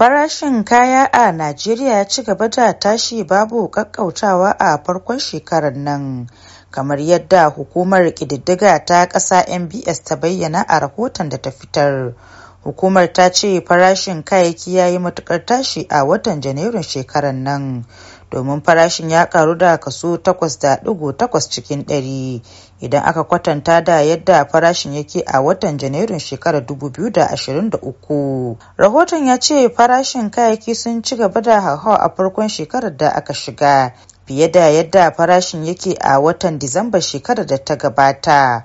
Farashin kaya a Najeriya ya ci gaba da tashi babu ƙaƙƙautawa a farkon shekarar nan, kamar yadda Hukumar Ƙididdiga ta Ƙasa (NBS) ta bayyana a rahoton da ta fitar. Hukumar ta ce farashin kayayyaki ya yi matuƙar tashi a watan Janairun shekarar nan, domin farashin ya karu da kaso takwas da takwas cikin ɗari, idan aka kwatanta da yadda farashin yake a watan janairun shekarar 2023 rahoton ya ce farashin kayayyaki sun ci gaba da hauhawa a farkon shekarar da aka shiga fiye da yadda farashin yake a watan disamba shekarar da ta gabata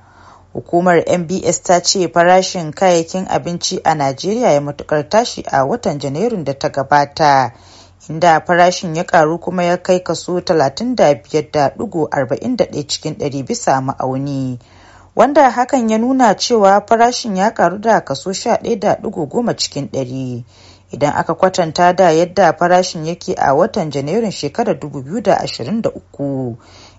hukumar mbs ta ce farashin kayayyakin abinci a najeriya ya matukar tashi a watan janairun da ta gabata inda farashin ya karu kuma ya kai kaso 35.41 cikin 100 bisa ma'auni. Wanda hakan ya nuna cewa farashin ya karu da kaso 11.10 cikin 100 idan aka kwatanta da yadda farashin yake a watan Janairun shekarar 2023.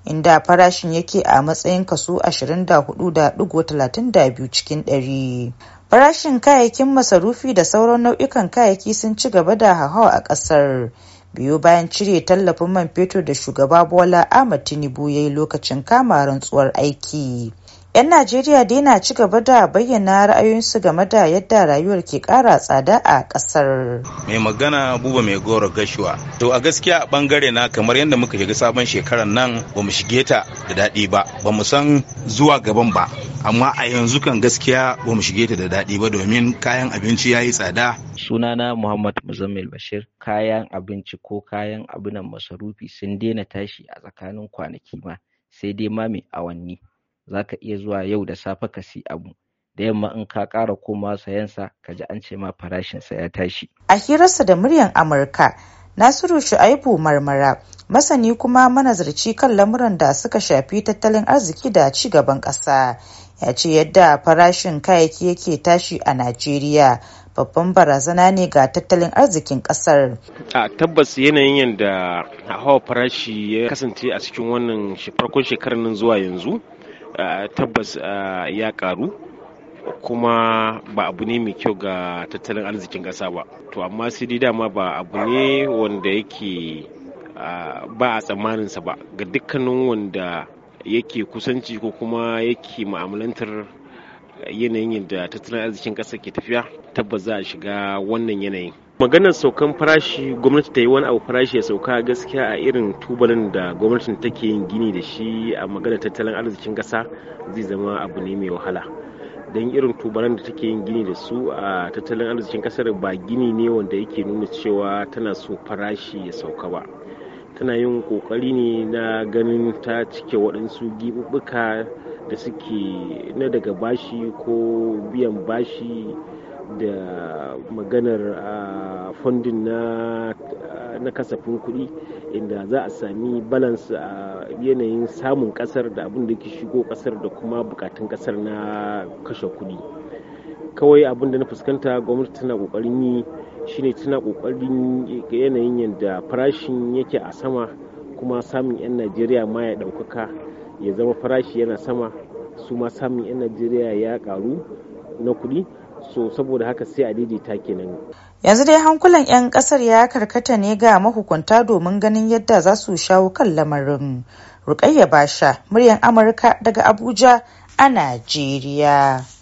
inda farashin yake a matsayin kaso 24.32 cikin 100. Farashin kayayyakin masarufi da sauran nau'ikan kayayyaki sun ci gaba da hauhawa a ƙasar biyu bayan cire tallafin man fetur da shugaba Bola ahmad Tinubu ya yi lokacin kama rantsuwar aiki. 'Yan Najeriya da yana ci gaba da bayyana ra'ayoyinsu game da yadda rayuwar ke kara tsada a ƙasar. Mai magana buba mai goro gashuwa. To a gaskiya a ɓangare na kamar yadda muka shiga sabon shekarar nan ba mu shige ta da daɗi ba, ba mu san zuwa gaban ba. amma a yanzu kan gaskiya ba mu shige ta da daɗi ba domin kayan abinci ya yi tsada sunana muhammad muzammil bashir kayan abinci ko kayan abunan masarufi sun daina tashi a tsakanin kwanaki ma sai dai ma mai awanni za ka iya zuwa yau da safe ka si abu da yamma in ka ƙara koma sayansa ka ji an ce ma farashinsa ya tashi. A hirarsa da muryan Amurka, Nasiru Shu'aibu Marmara, masani kuma manazarci kan lamuran da suka shafi tattalin arziki da ci gaban ƙasa, ya ce yadda farashin kayayyaki yake tashi a najeriya babban barazana ne ga tattalin arzikin kasar. A tabbas yanayin yadda hawa farashi ya kasance a cikin wannan farkon shekarar nan zuwa yanzu tabbas ya karu kuma ba abu ne mai kyau ga tattalin arzikin ƙasa ba. To amma sai dai dama ba abu ne wanda yake ba a tsammaninsa ba ga dukkanin wanda yake kusanci ko kuma yake ma'amalantar yanayin da tattalin arzikin ƙasa ke tafiya tabbas za a shiga wannan yanayin maganar saukan farashi gwamnati ta yi wani abu farashi ya sauka gaskiya a irin tubalin da gwamnatin take yin gini da shi a maganar tattalin arzikin ƙasa zai zama abu ne mai wahala don irin tubalin da take yin gini da su a tattalin arzikin kasar ba gini ne wanda yake nuna cewa tana so farashi ya sauka ba tana yin kokari ne na ganin ta cike waɗansu giɓuɓɓuka da suke na daga bashi ko biyan bashi da maganar fundin na kasafin kuɗi inda za a sami balance a yanayin samun ƙasar da abin da ke shigo ƙasar da kuma bukatun ƙasar na kashe kuɗi. kawai abin da na fuskanta gwamnati tana kokarin yi shine tana kokarin yanayin yadda farashin yake a sama kuma samun 'yan najeriya ma ya daukaka ya zama farashi yana sama su ma samun 'yan najeriya ya karu na kudi so saboda haka sai a daidaita kenan yanzu dai hankulan 'yan kasar ya karkata ne ga mahukunta domin ganin yadda za su shawo kan lamarin rukayya basha muryan amurka daga abuja a najeriya